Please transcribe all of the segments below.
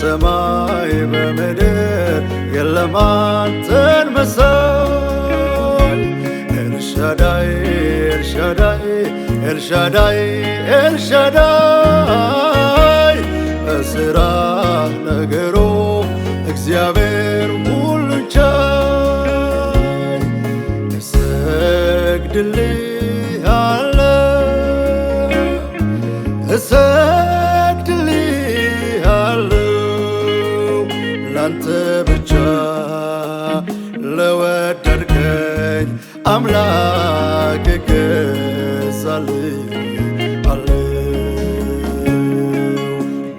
በሰማይ በምድር የለም አንተን መሳይ ኤልሻዳይ ኤልሻዳይ ኤልሻዳይ ኤልሻዳይ በስራ ነገሩ እግዚአብሔር ለአምላክ እገዛለሁ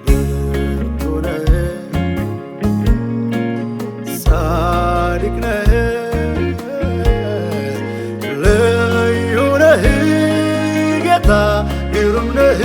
ብርቱ ነህ ጻድቅ ነህ ልዩ ነህ ጌታ ግሩም ነህ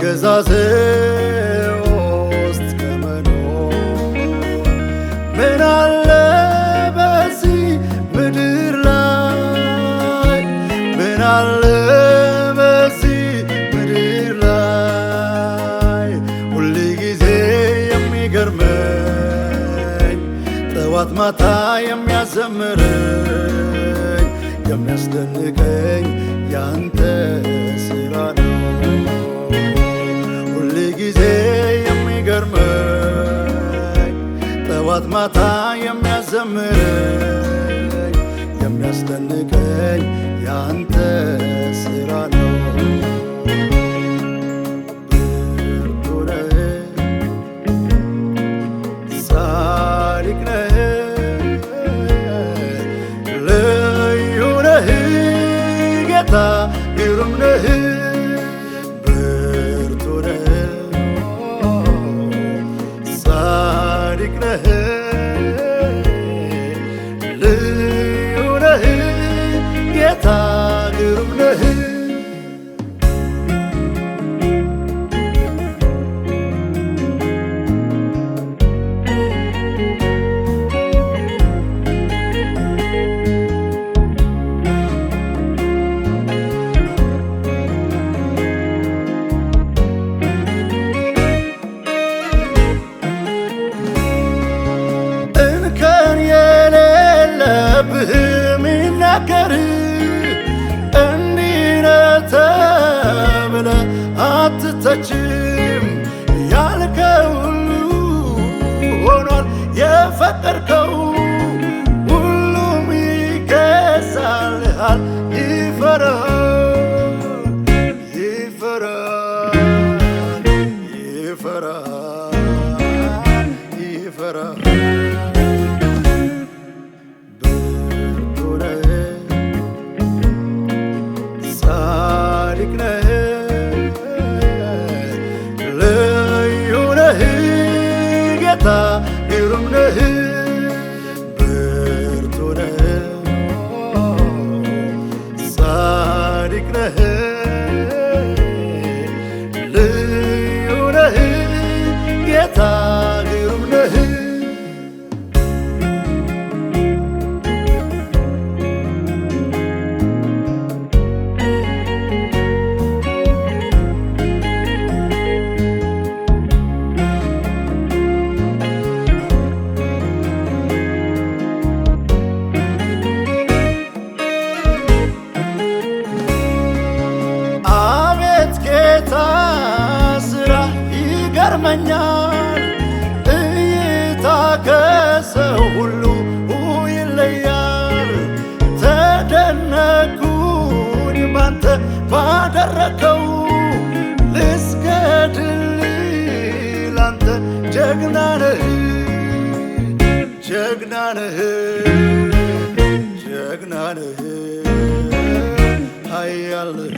በአገዛዝ ውስጥ ከመኖር ምን አለ በዚህ ምድር ላይ ምን አለ በዚህ ምድር ላይ ሁል ጊዜ የሚገርመኝ ጠዋት ማታ የሚያዘምረኝ የሚያስደንቀኝ ያንተ ስራ ነው። ጊዜ የሚገርመኝ ጠዋት ማታ የሚያዘምረኝ የሚያስደንቀኝ ያንተ ስራ ነው። ልዩ ነህ ጌታ ግሩም ነህ የፈጠርከው ሁሉም ይገዛልሃል። ይፈራ ይፈራ ይፈራ ይፈራ ብርቱ ነህ ጻድቅ ነህ ልዩ ነህ ጌታ Yerim nehir ይመኛል እይታ ከሰው ሁሉ ይለያል። ተደነኩኝ ባንተ ባደረከው ልስገድል ላንተ ጀግና ነህ ጀግና ነህ ጀግና ነህ አያለህ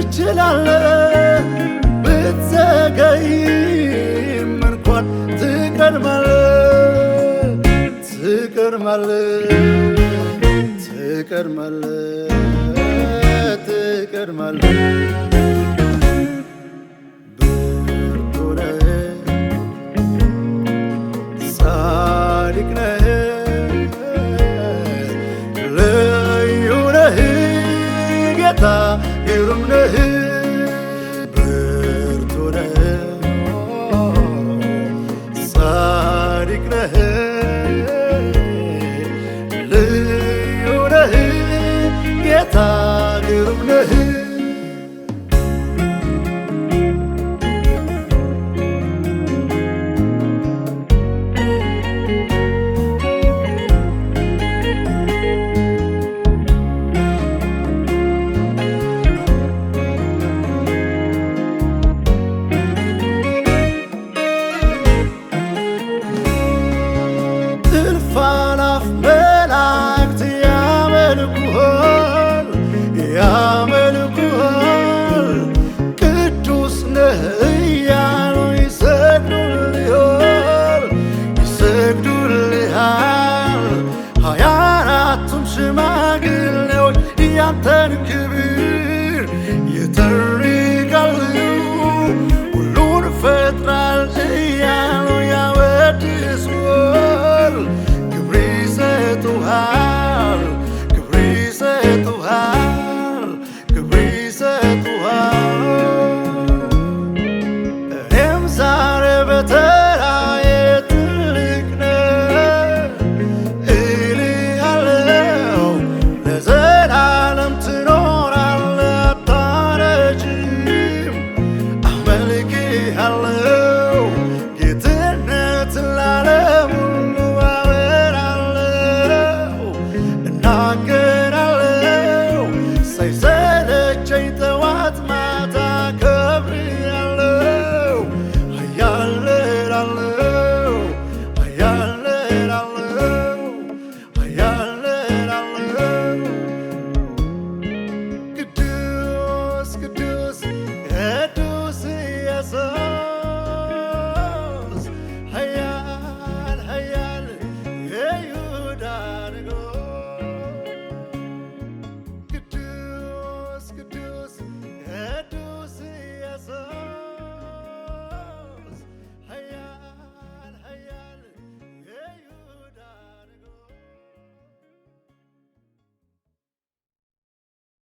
ትችላለህ። ብትዘገይም እንኳን ትቀድማለህ፣ ትቀድማለህ፣ ትቀድማለህ፣ ትቀድማለህ